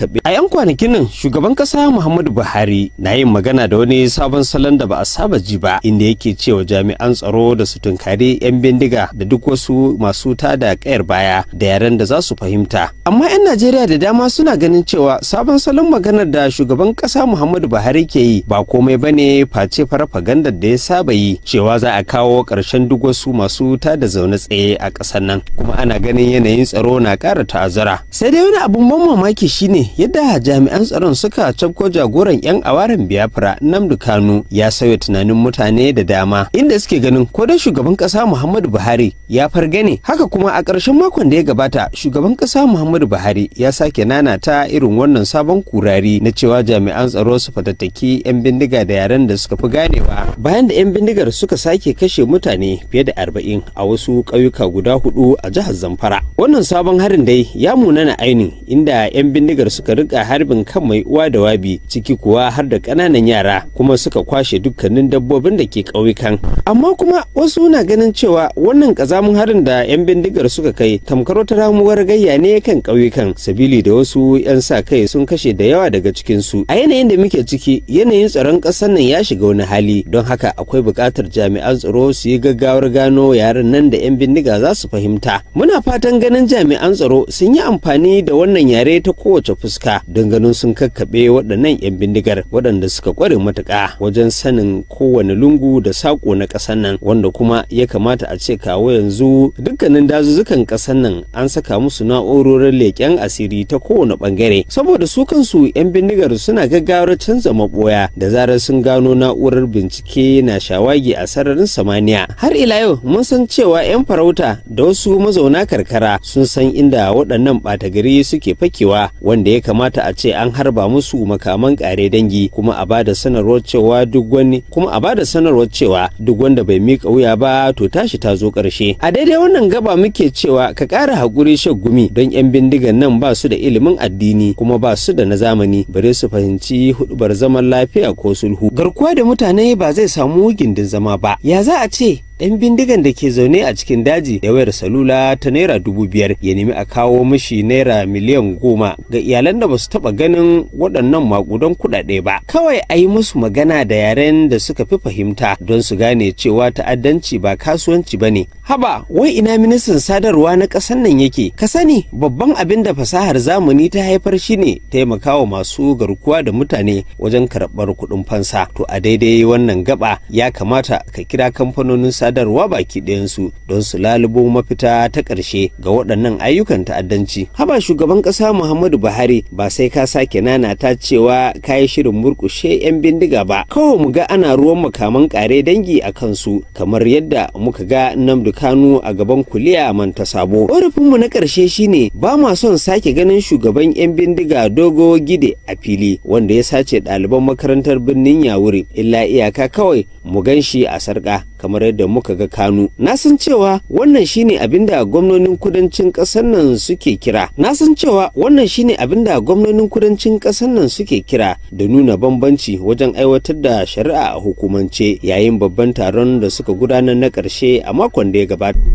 kakkaɓe. A 'yan kwanakin nan shugaban ƙasa Muhammadu Buhari na yin magana da wani sabon salon da ba a saba ji ba inda yake cewa jami'an tsaro da su tunkari 'yan bindiga da duk wasu masu tada kayar baya da yaren da za su fahimta. Amma 'yan Najeriya da dama suna ganin cewa sabon salon maganar da shugaban ƙasa Muhammadu Buhari ke yi ba komai ba ne face farfagandar da ya saba yi cewa za a kawo ƙarshen duk wasu masu tada zaune tsaye a ƙasar nan kuma ana ganin yanayin tsaro na ƙara ta'azzara. Sai dai wani abun ban mamaki shine yadda jami'an tsaron suka cafko jagoran 'yan awaren Biyafra namdu Kanu ya sauya tunanin mutane da dama inda suke ganin ko dan shugaban kasa Muhammadu Buhari ya farga ne haka kuma a ƙarshen makon da ya gabata shugaban kasa Muhammadu Buhari ya sake nanata irin wannan sabon kurari na cewa jami'an tsaro su fatattaki 'yan bindiga da yaren da suka fi ganewa bayan da 'yan bindigar suka sake kashe mutane fiye da arba'in a wasu ƙauyuka guda hudu a jihar zamfara wannan sabon harin dai ya munana ainin inda 'yan bindigar suka rika harbin kan mai uwa da wabi ciki kuwa har da ƙananan yara kuma suka kwashe dukkanin dabbobin da ke ƙauyukan amma kuma wasu na ganin cewa wannan ƙazamin harin da 'yan bindigar suka kai tamkar wata ramuwar gayya ne kan ƙauyukan sabili da wasu 'yan sa kai sun kashe da yawa daga cikinsu a yanayin da muke ciki yanayin tsaron ƙasar nan ya shiga wani hali don haka akwai buƙatar jami'an tsaro su yi gaggawar gano yaren nan da 'yan bindiga za su fahimta muna fatan ganin jami'an tsaro sun yi amfani da wannan yare ta kowace fuska don ganin sun kakkaɓe waɗannan 'yan bindigar waɗanda suka ƙware matuƙa wajen sanin kowane lungu da saƙo na ƙasar nan wanda kuma ya kamata a ce kawo yanzu dukkanin dazuzzukan ƙasar nan an saka musu na'urorin leƙen asiri ta kowane ɓangare saboda su kansu 'yan bindigar suna gaggawar canza maɓoya da zarar sun gano na'urar bincike haske na shawagi a sararin samaniya har ila yau mun san cewa 'yan farauta da wasu mazauna karkara sun san inda waɗannan ɓata gari suke fakewa wanda ya kamata a ce an harba musu makaman ƙare dangi kuma a bada sanarwar cewa duk wani kuma a bada sanarwar cewa duk wanda bai mika wuya ba to tashi ta zo ƙarshe a daidai wannan gaba muke cewa ka ƙara haƙuri gumi don 'yan bindigan nan ba su da ilimin addini kuma ba su da na zamani bare su fahimci hudubar zaman lafiya ko sulhu garkuwa da mutane ba zai zai samu gindin zama ba ya za a ce ɗan bindigan da ke zaune a cikin daji da wayar salula ta naira dubu biyar ya nemi a kawo mashi naira miliyan goma ga iyalan da ba su taɓa ganin waɗannan maƙudan kuɗaɗe ba kawai a yi musu magana da yaren da suka fi fahimta don su gane cewa ta'addanci ba kasuwanci ba ne Haba, wai ina ministan sadarwa na ƙasar nan yake? Ka sani babban abin da fasahar zamani ta haifar shi ne taimakawa masu garkuwa da mutane wajen karɓar kuɗin fansa. To a daidai wannan gaba ya kamata ka kira kamfanonin sadarwa baki ɗayansu don su lalubo mafita ta ƙarshe ga waɗannan ayyukan ta'addanci. Haba shugaban ƙasa Muhammadu Buhari ba sai ka sake nana ta cewa ka yi shirin murkushe 'yan bindiga ba. Kawai mu ga ana ruwan makaman ƙare dangi a kansu kamar yadda muka ga Namdu Kanu a gaban kuliya manta sabo. Ƙorafinmu na ƙarshe shine ba ma son sake ganin shugaban 'yan bindiga dogo gide a fili wanda ya sace ɗaliban makarantar birnin Yawuri illa iyaka kawai mu gan shi a sarƙa. kamar yadda muka ga kano na san cewa wannan shine abin da gwamnonin kudancin ƙasar nan suke kira na san cewa wannan shine abin da gwamnonin kudancin kasar nan suke kira da nuna bambanci wajen aiwatar da shari'a a hukumance yayin babban taron da suka gudanar na ƙarshe a makon da ya gabata